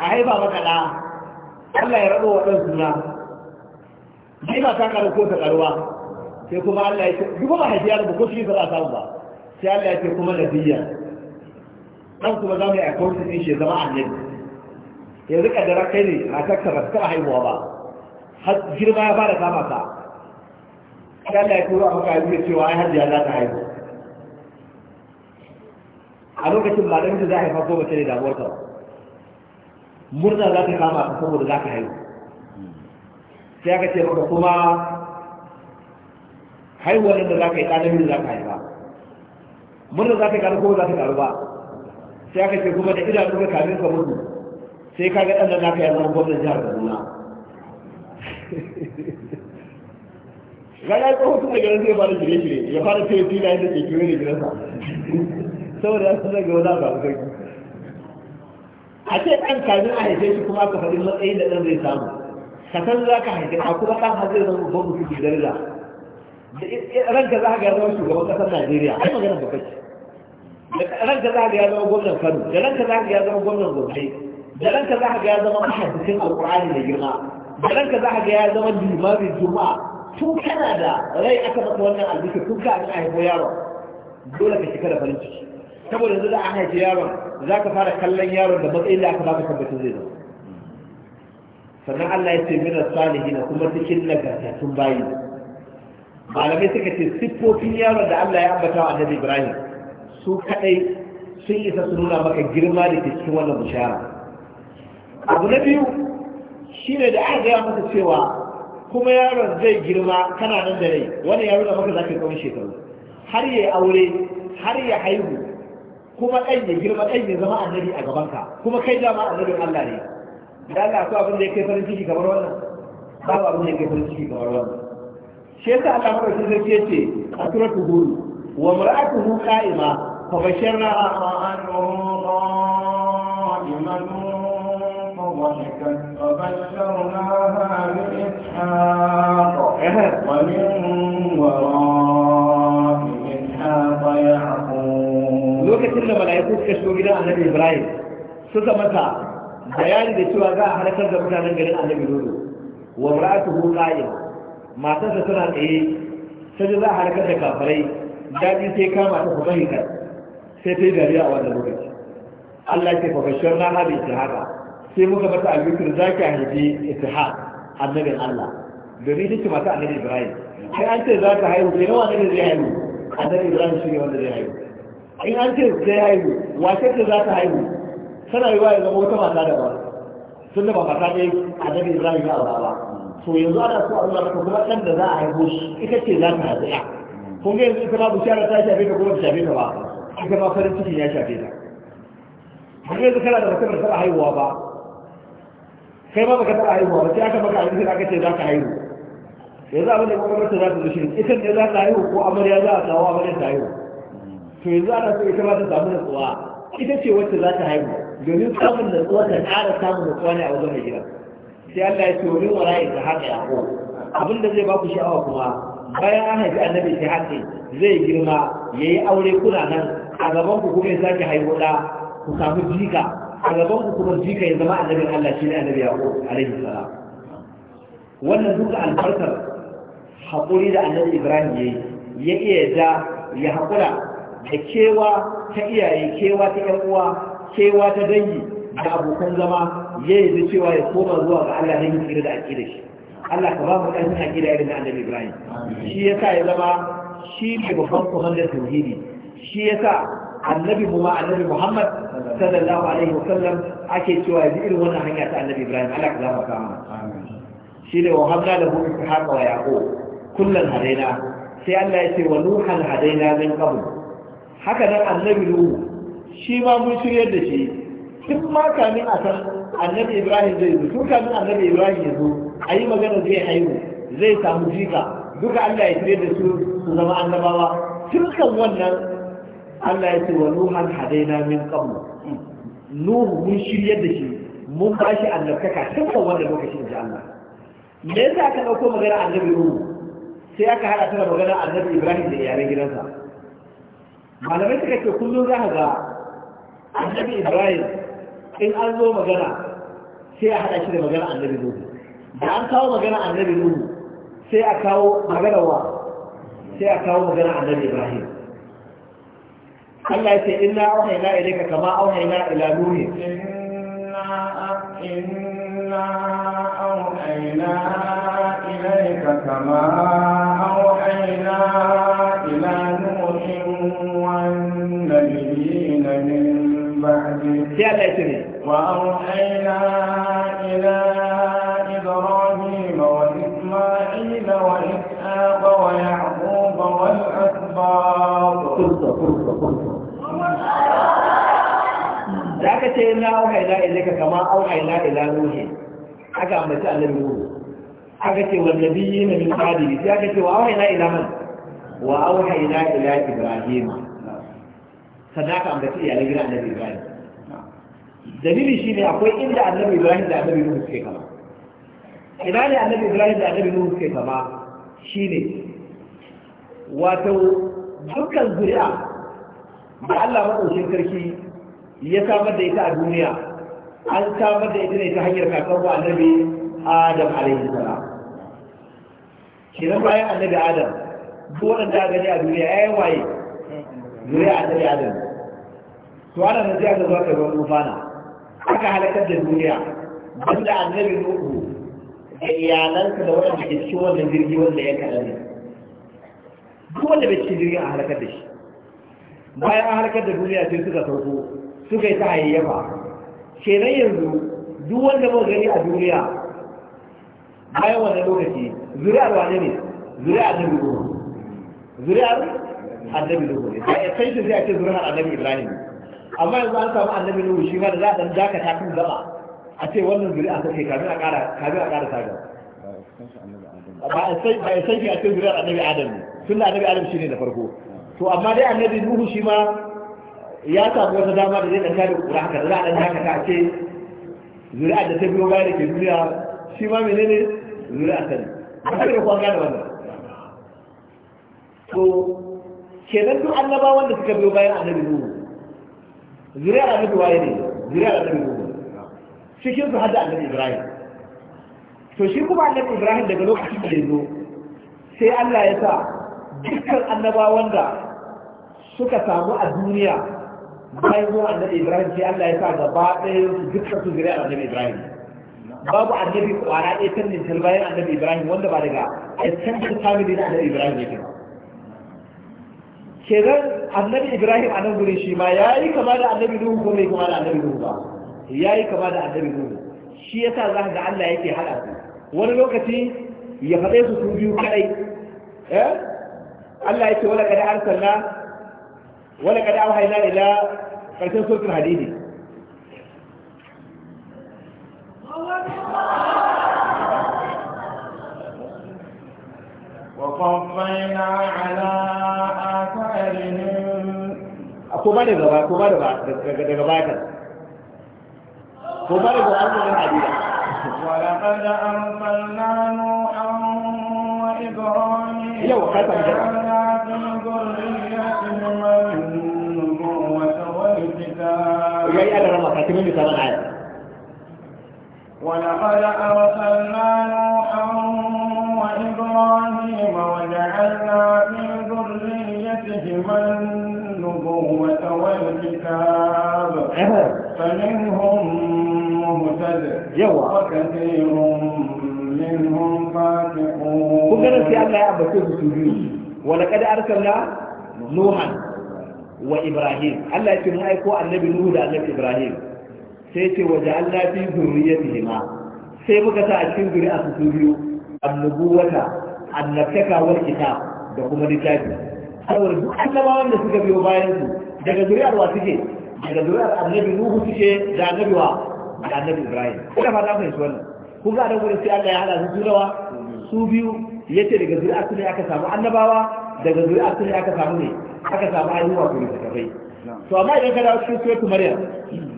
[SPEAKER 2] a haifa makala Allah ya rabu waɗansu na ba ta karu ko ta karuwa sai kuma Allah ya ce duk ba hajiya ba ko shi ba za samu ba sai Allah ya ce kuma nabiyya dan kuma za mu yi account din shi zama annabi yanzu da kai ne a ka ba ta haihuwa ba har girma ya fara kama ka sai Allah ya ruwa maka yi cewa ai hajiya za ta haihu a lokacin ba da za a haifa ko mace ne damuwar ta murna za ta kama ka saboda za ka haihu sai aka ce maka kuma haihuwar da za ka yi ɗanar da za ka yi ba. murna za ta karu ko za ta karu ba sai aka ce kuma da idanu ka kamin ka mutu sai ka ga ɗan da za ka yi zama gwamnan jihar kaduna gaya ko hutun da garin zai fara shirye-shirye ya fara fiye da yadda ke kiwo da gidansa saboda ya sanar ga wani abu sarki a ce ɗan kamin a haife shi kuma aka faɗi matsayin da ɗan zai samu ka za ka haifi a kuma ɗan hajji zan babban mutum ke darila ranka za ka ga zama shugaban ƙasar najeriya ai maganar babba ce ranka za ka ga zama gwamnan kano da ranka za ka ga zama gwamnan gombe da ranka za ka ga ya zama mahaifin alƙur'ani da girma da ranka za ka ga ya zama limamin juma'a tun kana da rai aka maka wannan albishir tun ka a haifo yaron dole ka shiga da farin ciki saboda yanzu da an haifi yaron za ka fara kallon yaron da matsayin da aka baka tabbatar zai zama sannan Allah ya ce mina na kuma cikin nagartattun bayi malamai suka ce siffofin yaron da Allah ya ambata wa annabi Ibrahim su kadai sun isa su nuna maka girma da ke cikin wannan bishara abu na biyu shine da aka gaya masa cewa kuma yaron zai girma kana nan da rai wani yaro da maka zaka kawo shekaru har ya aure har ya haihu kuma ɗan ya girma ɗan ya zama annabi a gabanka kuma kai dama annabin Allah ne da Allah ko abin da ya kai farin ciki kamar wannan ba abin da ya kai farin ciki kamar wannan shi yasa Allah ko shi zai ce a suratu hud wa mar'atuhu qa'ima fa
[SPEAKER 1] basharna annahu qa'iman ضحكت فبشرناها بإسحاق ومن وراء إسحاق يعقوب لوكتين suka mata
[SPEAKER 2] bayani da cewa za a halakar da mutanen garin annabi Dodo wa ra'atuhu qa'im matarsa tana tsaye sai za a halakar da kafirai daɗi sai kama ta kuma hikar sai ta yi dariya a wannan lokaci Allah ke fafashiyar na hada ishihada sai muka mata albikir za ki haifi ishihad annabin Allah domin ita ce mata annabi Ibrahim sai an ce za ta haihu sai yawa ne zai haihu annabi Ibrahim shi ne wanda zai haihu in an ce zai haihu wace ce za ta haihu tana yi wa ya zama wata mata daban Sun da ba mata a daga ibrahim ya aura ba to yanzu ana so a nuna maka kuma ɗan da za a haihu shi ita ce za ta haihu ya kun ga yanzu ita ma bishara ta shafe ta kuma ta shafe ta ba ita ma farin cikin ya shafe ta har yanzu kana da matsalar da taɓa haihuwa ba kai ma baka taɓa haihuwa ba sai aka maka abin da aka ce za ka haihu yanzu abin da gwamnati za ta zo shirin ita ne za ta haihu ko amarya za a kawo amarya ta haihu to yanzu ana so ita ma ta samu nutsuwa ita ce wacce za ta haihu domin samun natsuwa da tsara samun natsuwa ne a wajen mai gida sai Allah ya ce wani wara ya haka ya ko abin da zai baku sha'awa kuma bayan an haifi annabi sai haƙe zai girma ya yi aure kuna nan a gaban ku kuma ya sake haihu da ku samu jika a gaban ku kuma jika ya zama annabin Allah shi ne annabi ya ko alaihi salam wannan duka albarkar haƙuri da annabi Ibrahim ya yi ya iya ja, ya haƙura da kewa ta iyaye kewa ta ƴan uwa kewa ta dangi da abokan zama ya yi cewa ya koma zuwa ga Allah ne mutsira da aƙida shi Allah ka ba mu ƙarfin aƙida irin na Annabi Ibrahim shi ya sa ya zama shi ne babban komandar tauhidi shi ya sa annabi mu ma annabi Muhammad sallallahu alaihi wasallam ake cewa ya irin wannan hanya ta Annabi Ibrahim Allah ka zama kama shi ne wa hamna lahu haka wa yaƙo. kullan hadaina sai Allah ya ce wa nuhan hadaina zan qabl haka nan annabi Nuhu shi ma mun shiryar da shi tun ma kamin a san annabi ibrahim zai zo tun kamin annabi ibrahim ya zo a yi magana zai haihu zai samu jika duka allah ya shirya da su su zama annabawa tun kan wannan allah ya ce wa nuhan hadaina min qablu nuhu mun shiryar da shi mun ba shi annabtaka tun kan wannan lokacin da allah me yasa aka ɗauko magana annabi nuhu sai aka haɗa ta da magana annabi ibrahim da iyalan gidansa malamai suka ce kullum za ka ga annabi ibrahim in an zo magana sai a haɗa shi da magana annabi nuhu da an kawo magana annabi nuhu sai a kawo magana wa sai a kawo magana annabi ibrahim Allah ya ce inna auhayna ilayka kama auhayna ila inna
[SPEAKER 1] inna auhayna ilayka kama sai Allah ya ce ne wa auhayna ila ibrahim wa isma'il wa ishaq wa ya'qub wal asbab
[SPEAKER 2] fursa fursa fursa
[SPEAKER 1] da ka ce na auhayna ilaka kama
[SPEAKER 2] auhayna ila ruhi aka ambaci annabi ruhu aka ce wa nabiyyi min qadi sai aka ce wa auhayna ila man wa auhayna ila ibrahim sadaka ambaci iyalan gidan annabi ibrahim dalili ne akwai inda annabi ibrahim da annabi nuhu suke kama ina ne annabi ibrahim da annabi nuhu suke kama shi ne wato dukkan zuri'a da Allah madaukakin sarki ya samar da ita a duniya an samar da ita ne ta hanyar kakan wa annabi adam alaihi salam kenan bayan annabi adam duk aka gani a duniya yayin waye zuri'a annabi adam to ana nan sai aka zo aka ruwan mufana aka halakar da duniya banda annabi nuhu da iyalansa da wanda ke cikin wannan jirgi wanda ya kaɗa ne duk wanda bai cikin jirgin a halakar da shi bayan an halakar da duniya sai suka sauko suka yi ta hayayyafa kenan yanzu duk wanda muka gani a duniya bayan wannan lokaci zuri'ar wane ne zuri'ar da bi zuri'ar annabi nuhu ne sai sai a ce zuri'ar annabi ibrahim amma yanzu an samu annabi nuhu shi ma da za a dan dakata kan gaba a ce wannan zuri'a a sake kamin a ƙara kafin a ƙara saga ba a sai ba sai shi a cikin zuri annabi adam ne tun da annabi adam shi ne da farko to amma dai annabi nuhu shi ma ya samu wata dama da zai dan kare kura haka da za a dan dakata a ce zuri'a da ta biyo bayan da ke duniya shi ma menene zuri'a a ne ba da kuwa gane wannan to kenan duk annabawan da suka biyo bayan annabi nuhu zuriyar da waye ne zuriyar annabi shi shi su hadda annabi ibrahim to shi kuma annabi ibrahim daga lokacin da ya zo sai Allah ya sa dukkan annabawan da suka samu a duniya bayan zuwa annabi ibrahim sai Allah ya sa gaba ɗaya su dukkan su zuriyar annabi ibrahim babu annabi kwana ɗaya tannin bayan annabi ibrahim wanda ba daga extended family na annabi ibrahim yake ba kenan annabi ibrahim a nan gure shi ma ya yi kama da annabi nuhu ko mai kama da annabi nuhu ba ya yi kama da annabi nuhu shi yasa za ka ga allah yake haɗa su wani lokaci ya faɗe su su biyu kaɗai eh allah yake wala kada arsalna wala kada auhayna ila karshen sultan hadidi
[SPEAKER 1] وقفينا على
[SPEAKER 2] kuma da gaba kuma da daga batar
[SPEAKER 1] kuma daga wannan hadida ولقد أرسلنا نوحا وإبراهيم وجعلنا في ذريتهما النبوة والكتاب. وجاي أنا لما خاتمين بثمان آيات. ولقد أرسلنا نوحا وإبراهيم وجعلنا في ذريتهما النبوة والكتاب فمنهم مهتد وكثير منهم فاتقون كنا نسي الله يعبد
[SPEAKER 2] سجود
[SPEAKER 1] ولقد أرسلنا نوحا
[SPEAKER 2] وإبراهيم الله يتم أيكو النبي نوح ده النبي إبراهيم سيتي وجعلنا في ذريتهما sai muka sa a cikin zuri'a su biyu annubuwata annabtaka wal kitab da kuma littafi saboda duk annabawan da suka biyo bayan su daga zuriyar wa suke daga zuriyar annabi nuhu suke da annabi wa da annabi ibrahim ina fata mun su wannan kun ga da gurin sai Allah ya hada su turawa, su biyu yace daga zuri'a su ne aka samu annabawa daga zuri'a su ne aka samu ne aka samu ayyuka ko da kafai to amma idan ka dawo cikin suratul maryam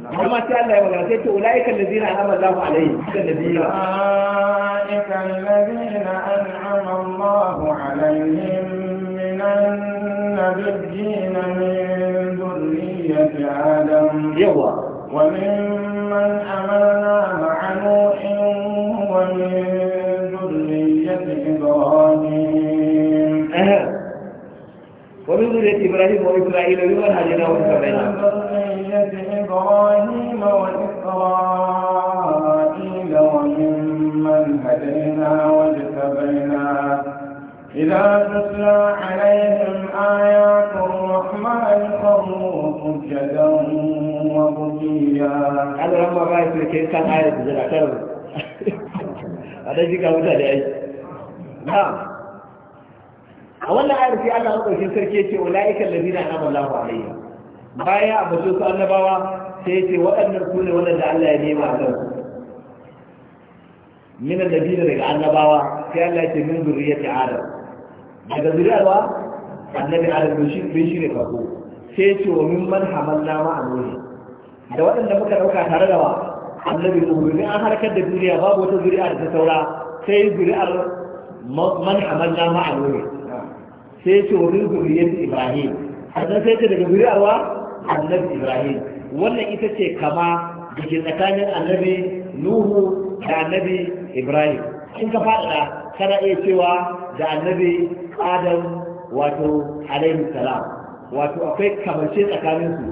[SPEAKER 2] amma sai Allah ya magana sai ce ulaika allazina an'ama Allahu alaihim kan nabiyyi
[SPEAKER 1] ulaika allazina an'ama Allahu alaihim من النبيين من ذرية آدم وممن حملنا مع نوح ومن ذرية إبراهيم ومن ذرية إبراهيم وإسرائيل ومن هدينا وإسرائيل ومن ذرية إبراهيم وإسرائيل وممن هدينا إذا تتلى عليهم آيات الرحمن خروا سجدا وبكيا هذا لما رأيت لك كان آية تزرع كرب هذا يجيك أبدا لأي
[SPEAKER 2] نعم أولا آية في الله أقول في سركية أولئك الذين أنعم الله عليهم baya a bace su annabawa sai ce waɗannan su ne waɗanda Allah ya nema a kan su min annabiyina daga annabawa sai Allah ya ce min zurriyyati adam daga zuriyarwa annabi adam shi bin shi ne farko sai ce wa min man nama ma anuni da waɗanda muka ɗauka tare da wa annabi nuhu an harkar da duniya babu wata zuriya da ta saura sai zuriyar man nama ma anuni sai ce wa min zuriyar ibrahim sannan sai ce daga zuriyarwa annabi ibrahim wannan ita ce kama da tsakanin annabi nuhu da annabi ibrahim in ka faɗaɗa kana iya cewa da annabi adam wato alaihi salam wato akwai kamance tsakanin su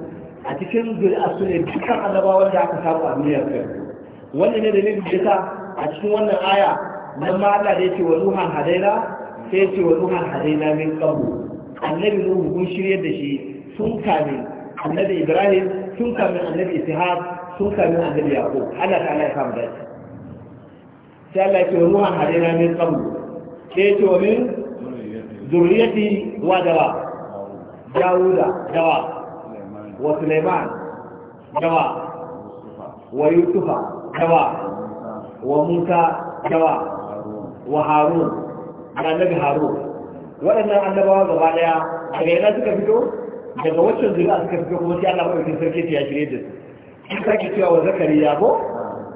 [SPEAKER 2] a cikin zuri'a su ne dukkan annabawan da aka samu a duniyar kai wannan ne dalilin da yasa a cikin wannan aya nan ma Allah da yake wa ruhan hadaina sai yake wa ruhan hadaina min qablu annabi nuhu kun shirye da shi sun kame annabi ibrahim sun kame annabi ishaq sun kame annabi yaqub Allah ta'ala ya kama shi sai Allah ya ce wa ruhan hadaina min qablu sai ce wa min zuriyati wa dawa dawuda dawa wa suleiman dawa wa yusufa dawa wa musa dawa wa harun da annabi harun waɗannan annabawa gaba ɗaya daga yana suka fito daga waccan a suka fito kuma sai Allah maɗaukin sarki ya shirye da su sai ke cewa wa zakariya ko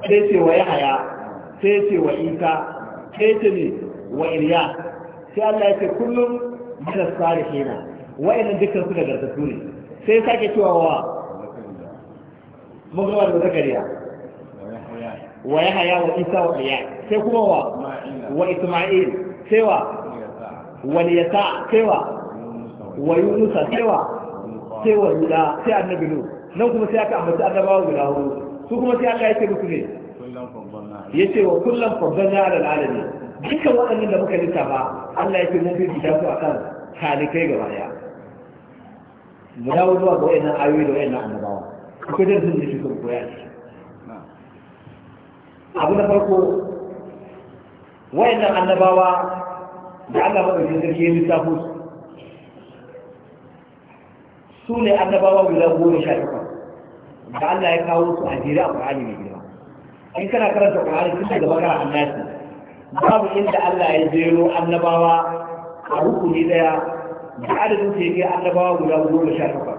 [SPEAKER 2] sai ce wa yahaya sai ce wa isa sai ce ne wa irya sai Allah ya ce kullum min as-salihin wa'annan dukkan su daga gargatu ne sai ya sake cewa wa mugawa da zakariya wa ya haya wa isa wa iya sai kuma wa wa isma'il sai wa wa yasa sai wa wa yunus sai wa sai wa yuda sai annabi nu nan kuma sai aka ambaci annabawa guda hudu su kuma sai Allah ya ce musu ne yace wa kullum fadalla ala alamin dukkan waɗannan da muka ba Allah ya fi mun fifita su akan talikai ga baya mu dawo zuwa ga wayannan ayoyi da wayannan annabawa akwai da zan nufi ko koya shi abu na farko wayannan annabawa da Allah madaukakin sarki ya lissafo su su ne annabawa guda goma sha takwas da Allah ya kawo su a jere a Qur'ani mai girma in kana karanta Qur'ani tun daga bakara annabi babu inda Allah ya jero annabawa a rukuni daya da adadin da yake annabawa guda goma sha takwas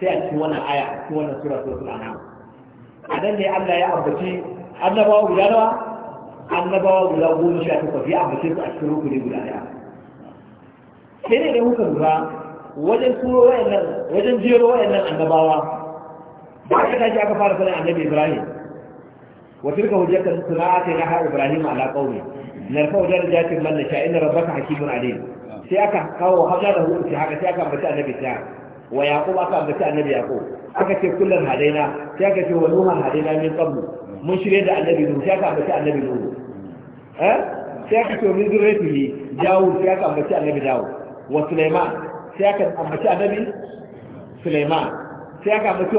[SPEAKER 2] sai a cikin wannan aya a cikin wannan sura sura anam a nan ne Allah ya ambaci annabawa guda nawa annabawa guda goma sha takwas ya ambace su a cikin rukuni guda daya sai ne da muka lura wajen turo wayannan wajen jero wayannan annabawa ba ta tashi aka fara sanin annabi Ibrahim wa tilka hujjatun suna'ati na ibrahim ala qaumi narfa wajen rijatin man nasha inna rabbaka hakimun alim sai aka kawo hada da hukunci haka sai aka ambaci annabi ta wa yaqub aka ambaci annabi yaqub aka ce kullun hadaina sai aka ce wa nuha hadaina min qablu mun shirye da annabi nuhu sai aka ambaci annabi nuhu eh sai aka ce min zurriyatihi dawud sai aka ambaci annabi dawud wa sulaiman sai aka ambaci annabi sulaiman sai aka ambaci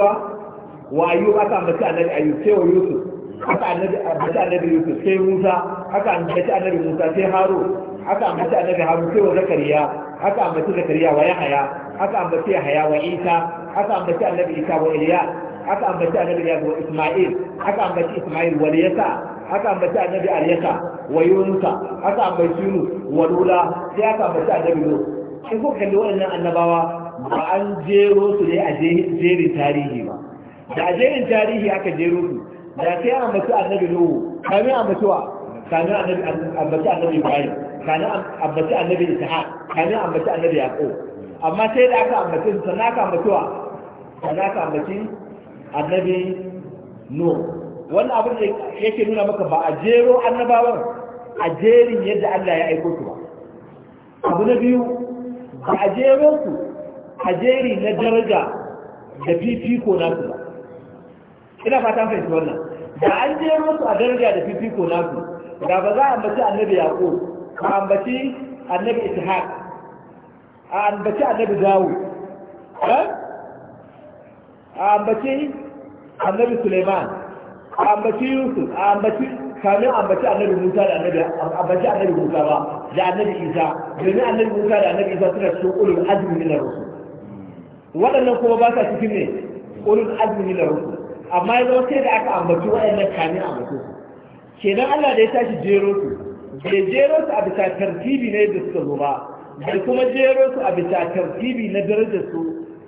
[SPEAKER 2] wa ayyub aka ambaci annabi ayyub sai wa yusuf haka annabi abinci annabi yusuf sai musa haka ambaci annabi musa sai haro haka ambaci annabi haru sai wa zakariya haka ambaci zakariya wa yahaya haka ambaci yahaya wa isa haka ambaci annabi isa wa iliya haka ambaci annabi yahya wa isma'il haka ambaci isma'il wa yasa haka ambaci annabi alyasa wa yunusa haka ambaci yunus wa lula sai haka ambaci annabi lut in kuka kalli waɗannan annabawa ba an jero su ne a jerin tarihi ba da a jerin tarihi aka jero su da sai an ambaci annabi nuhu kamin ambatuwa kamin annabi ambaci annabi ibrahim kamin ambaci annabi isa'a, kamin ambaci annabi yaqub amma sai da aka ambaci sannan aka ambatuwa sannan aka ambaci annabi nuhu wannan abin da yake nuna maka ba a jero annabawan a jerin yadda Allah ya aiko su ba abu na biyu ba a jero su a jeri na daraja da fifiko nasu ba ina fatan fahimci wannan da an je musu a daraja da fifiko nasu da ba za a ambaci annabi Yaƙo, a ambaci annabi ishaq a ambaci annabi dawud a ambaci annabi suleiman a ambaci yusuf a ambaci kamin ambaci annabi musa da annabi ambaci annabi musa ba da annabi isa domin annabi musa da annabi isa suna cikin ulul azmi na rusu. waɗannan kuma ba sa cikin ne ulul azmi na rusu. amma ya zama sai da aka ambaci waɗannan kamin a su kenan Allah da ya tashi jero su bai jero su a bisa tartibi ne da suka zo ba bai kuma jero su a bisa tartibi na darajar su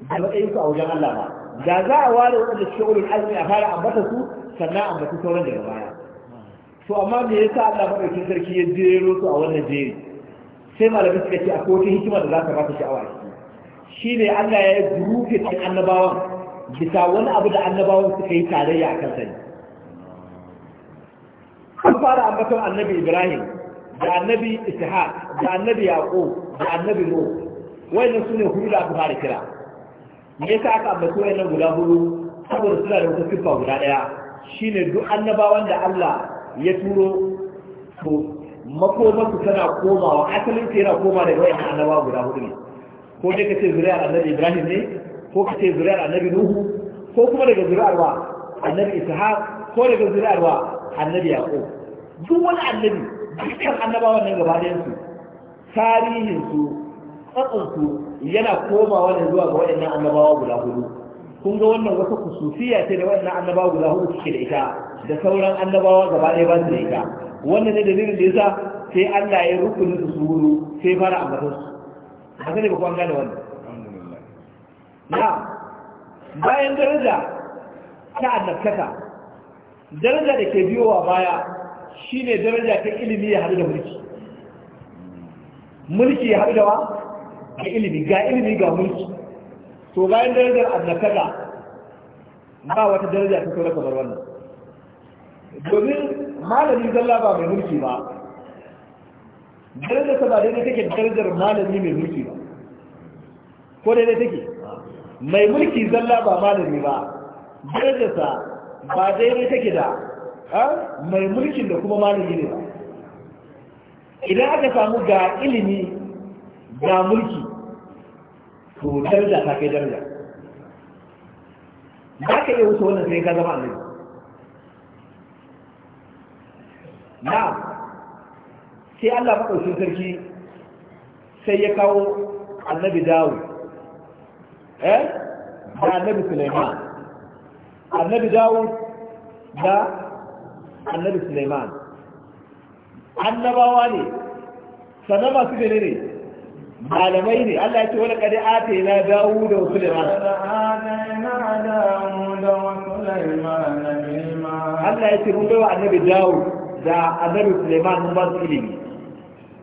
[SPEAKER 2] da matsayin su a wajen Allah ba da za a ware waɗanda suke ulul azumi a fara ambata su sannan ambaci sauran daga baya to amma me yasa Allah madaukakin sarki ya jero su a wannan jeri sai malamai suka ce akwai wata hikima da za ta ba ta sha'awa a ciki shine Allah ya yi gurufin annabawan bisa wani abu da annabawan suka yi tarayya a kansa ne an fara ambaton annabi ibrahim da annabi Isha, da annabi Yaƙo da annabi nuh wayannan ne hudu da aka fara kira me yasa aka ambaci wayannan guda hudu saboda suna da wata siffa guda Shi shine duk annabawan da Allah ya turo to makomar su tana komawa asalin su yana koma daga wayannan annabawa guda hudu ne ko dai ka ce zuriyar annabi ibrahim ne ko ka ce zuri'ar annabi nuhu ko kuma daga zuri'ar wa annabi ishaq ko daga zuri'ar wa annabi yaqub duk wani annabi dukkan annabawa nan gaba da yansu tarihin su su yana komawa ne zuwa ga waɗannan annabawa guda hudu kun ga wannan wata kusufiya ce da waɗannan annabawa guda hudu suke da ita da sauran annabawa gaba ɗaya ba su da ita wannan ne da dalilin da yasa sai Allah ya rukunin su su sai fara ambatar su haka ne ba ku an gane wannan na bayan daraja ta annabtaka daraja da ke biyowa baya shine daraja ta ilimi ya haɗu da mulki mulki ya haɗu da wa ga ilimi ga ilimi ga mulki to bayan darajar annabtaka ba wata daraja ta sauraka bar wannan domin malami zalla ba mai mulki ba darajar ta ba daidai take darajar malami mai mulki ba ko daidai take mai mulki zalla ba malami ba darajarsa ba daidai take da mai mulkin da kuma malami ne ba idan aka samu ga ilimi ga mulki to daraja ta kai daraja ba ka iya wuce wannan sai ka zama annabi na sai Allah maɗaukin sarki sai ya kawo annabi dawo eh da annabi Suleiman. annabi Dawud da annabi Suleiman. annabawa ne sannan masu gane ne malamai ne Allah ya ce wani kadi ate na Dawud da Suleiman. Allah ya ce mun bai wa annabi Dawud da
[SPEAKER 1] annabi Suleiman mun ba su ilimi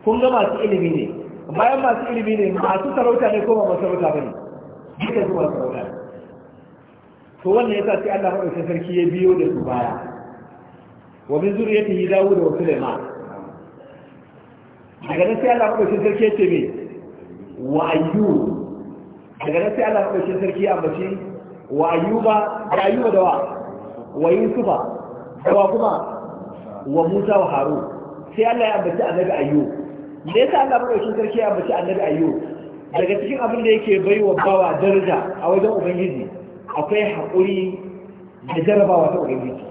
[SPEAKER 1] kun ga masu
[SPEAKER 2] ilimi ne bayan masu ilimi ne masu sarauta ne ko ba masu sarauta ba ne duka zuwa sauran to wannan sa sai Allah madaukakin sarki ya biyo da su baya wa min zuriyatihi Dawud wa Sulaiman daga nan sai Allah madaukakin sarki ya ce me wa ayyub daga nan sai Allah madaukakin sarki ya ambaci wa ayyuba da ayyuba da wa wa yusufa da wa kuma wa Musa wa Harun sai Allah ya ambaci annabi ayyub me yasa Allah madaukakin sarki ya ambaci annabi ayyub daga cikin abin da yake bai wa bawa daraja a wajen ubangiji akwai haƙuri da jarabawa ta ubangiji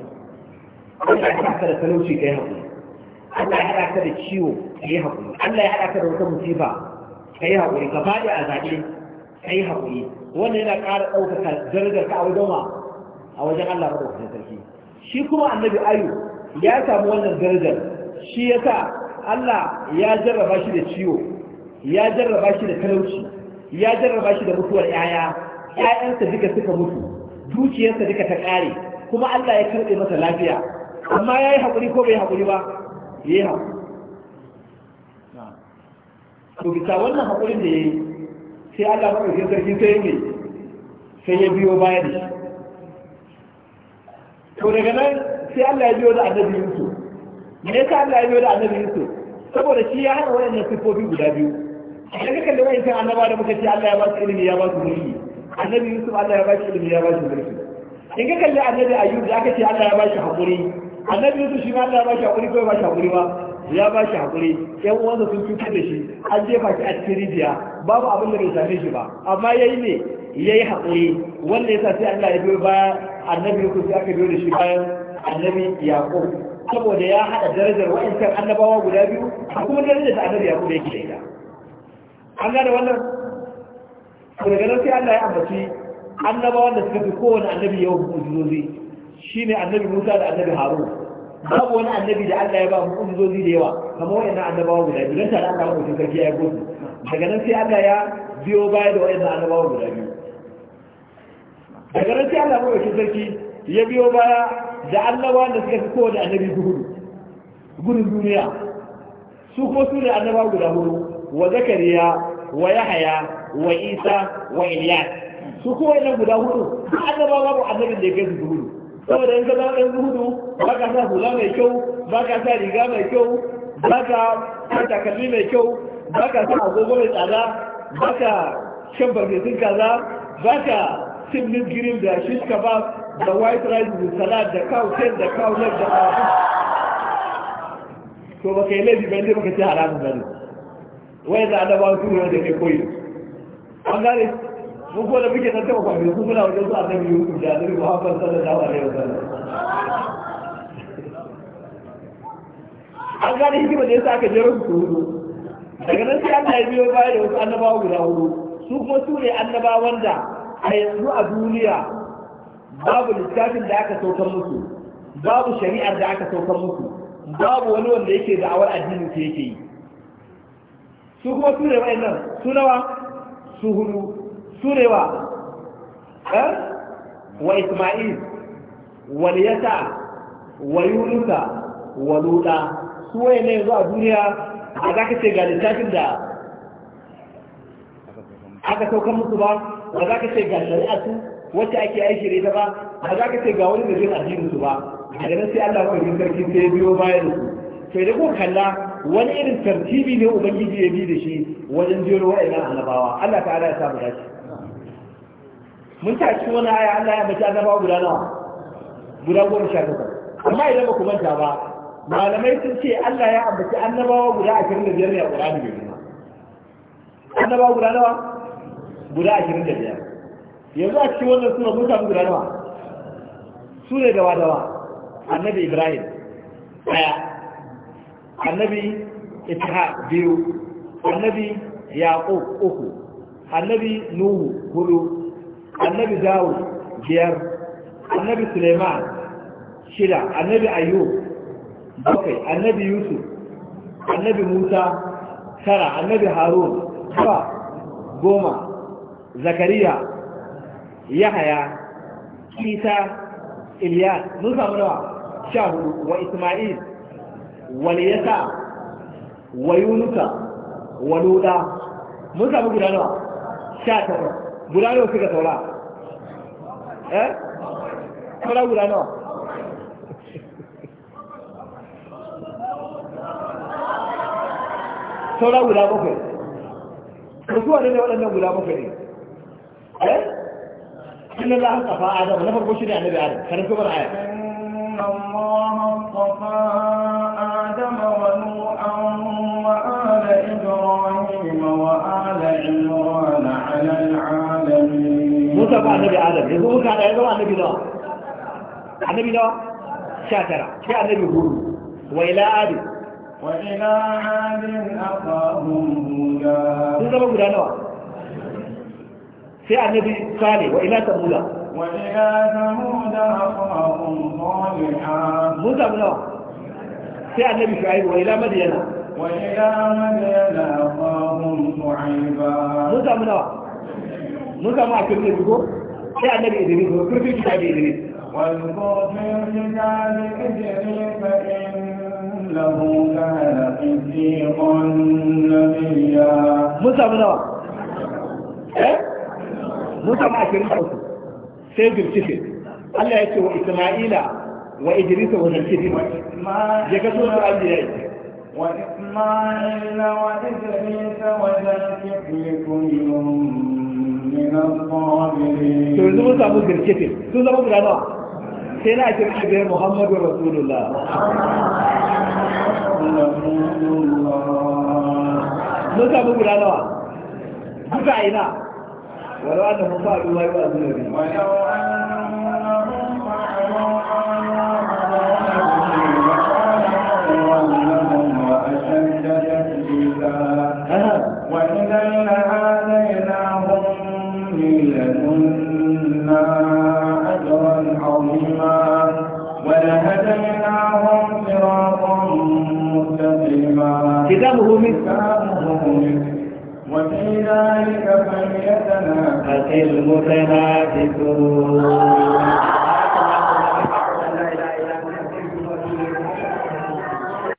[SPEAKER 2] Allah ya haɗa ka da talauci ka yi haƙuri Allah ya haɗa ka da ciwo ka yi haƙuri Allah ya haɗa ka da wata musiba ka yi haƙuri ka faɗi a zaɓe ka yi haƙuri wannan yana ƙara ɗaukaka darajar ka a wajen ma a wajen Allah maɗaukakin sarki shi kuma annabi ayu ya samu wannan darajar shi yasa Allah ya jarraba shi da ciwo ya jarraba shi da talauci ya jarraba shi da mutuwar yaya 'ya'yansa duka suka mutu dukiyarsa duka ta ƙare kuma Allah ya karbe masa lafiya amma ya yi haƙuri ko bai haƙuri ba yayi yi haƙuri to bisa wannan haƙurin da ya yi sai Allah maɗaukin sarki sai mai sai ya biyo baya da shi to daga nan sai Allah ya biyo da annabi Yusuf me yasa Allah ya biyo da annabi Yusuf saboda shi ya hana wayannan sifofi guda biyu idan ka kalli wa'in annaba da muka ce Allah ya ba su ilimi ya ba su mulki annabi Yusuf Allah ya ba shi ilimi ya ba shi mulki in ka kalli annabi Ayyub da aka ce Allah ya ba shi hakuri annabi Yusuf shi ma Allah ya ba shi hakuri ko ya ba shi hakuri ba ya ba shi hakuri yan uwansa sun cutar da shi an jefa shi a cikin rijiya babu abin da bai same shi ba amma yayi ne yayi hakuri wanda yasa sai Allah ya biyo baya annabi Yusuf sai aka biyo da shi bayan annabi Yaqub saboda ya hada darajar wa'in annabawa guda biyu a kuma darajar da annabi Yaqub yake da ita an gane wannan daga nan sai Allah ya ambaci annaba wanda suka fi kowane annabi yawan mu'ujizozi shine annabi Musa da annabi Harun babu wani annabi da Allah ya ba mu'ujizozi da yawa kamar wayannan annabawa guda biyu dan tare Allah ya mutunta sarki ya gudu daga nan sai Allah ya biyo baya da wayannan annabawa guda biyu daga nan sai Allah ya mutunta sarki ya biyo baya da annabawa da suka fi kowane annabi gudu gudun duniya su ko su ne annabawa guda hudu wa zakariya wa yahaya wa isa wa ilyas su kuma wannan guda hudu duk annaba babu annabin da ya kai su hudu saboda in ka zama ɗan hudu ba ka sa hula mai kyau ba ka sa riga mai kyau ba ka sa takalmi mai kyau ba ka sa agogo mai tsada ba ka shan barfesun kaza ba ka cin misgirin da shish kebab da white rice da salad da cow tail da cow leg da to ba ka yi laifi ba inda ba ka ci haramun ba ne wai za a daba su ne da ke koyi an gane mun ko da muke ta taba kwafi su muna wajen su a nan biyu da zai ku hafa sallallahu alaihi wasallam an gane hikimar da sa aka jero su hudu daga nan sai Allah ya biyo baya da wasu annabawa guda hudu su kuma su ne annabawa wanda a yanzu a duniya babu littafin da aka saukar musu babu shari'ar da aka saukar musu babu wani wanda yake da'awar addinin su yake yi su kuma su ne nan, su nawa su hudu su ne wa eh? wa isma'il wa liyata wa yunusa wa luda su wa'annan yanzu a duniya a za ka ce ga littafin da aka saukan musu ba ba za ka ce ga shari'a su wacce ake aiki da ita ba ba za ka ce ga wani da zai addinin su ba a ganin sai Allah mai sarki sai biyo bayan su sai da ko kalla wani irin tartibi ne ubangiji ya bi da shi wajen jero wa'annan annabawa Allah ta'ala ya sa mu dace mun ta ci wani aya Allah ya bace annabawa guda nawa guda goma sha takwas amma idan ba ku manta ba malamai sun ce Allah ya ambaci annabawa guda ashirin da biyar ne a Qur'ani mai girma annabawa guda nawa guda ashirin da biyar yanzu a cikin wannan sura mun samu guda nawa sura da wadawa annabi Ibrahim ɗaya. annabi ita biyu annabi yaƙo uku annabi nuhu hudu annabi dawud biyar annabi suleiman shida annabi Ayub bakwai annabi yusuf annabi musa tara annabi harun ba goma zakariya yahaya isa iliyas nusa sha hudu wa isma'il waliyata wa yunuka wa luda mun samu guda nawa sha takwas guda nawa suka saura eh saura guda nawa saura guda bakwai kusuwa ne waɗannan guda bakwai ne eh inna allaha adam na farko shi ne annabi adam karanta bar aya inna allaha
[SPEAKER 1] samu annabi adam yanzu muka da ya zama annabi nawa annabi nawa sha tara sai
[SPEAKER 2] annabi hudu wa ila adi
[SPEAKER 1] wa ila adi aqahum
[SPEAKER 2] huda sun zama guda nawa sai annabi sale wa ila
[SPEAKER 1] samuda wa ila samuda aqahum salihah mun samu nawa sai annabi shu'aib wa ila madyana wa ila madyana
[SPEAKER 2] aqahum shu'aiba mun samu nawa mun samu a kirkir su ko
[SPEAKER 1] sai a daga idiri su kirkir su daga idiri mun samu nawa eh? mun samu a kirkir su
[SPEAKER 2] sai birtifin Allah ya ce wa Isma'ila wa Idrisa wa Zalkiti
[SPEAKER 1] ya ga so su Allah ya yi wa Isma'ila wa Idrisa wa Zalkiti kun yi to yanzu mun samu
[SPEAKER 2] girkife sun zama guda nawa sai na ake rikin biyar muhammadu rasulullah mun samu guda nawa duka ina ولو أنهم فعلوا ما يؤذون به
[SPEAKER 1] في ذلك فليتنافس المتنافسون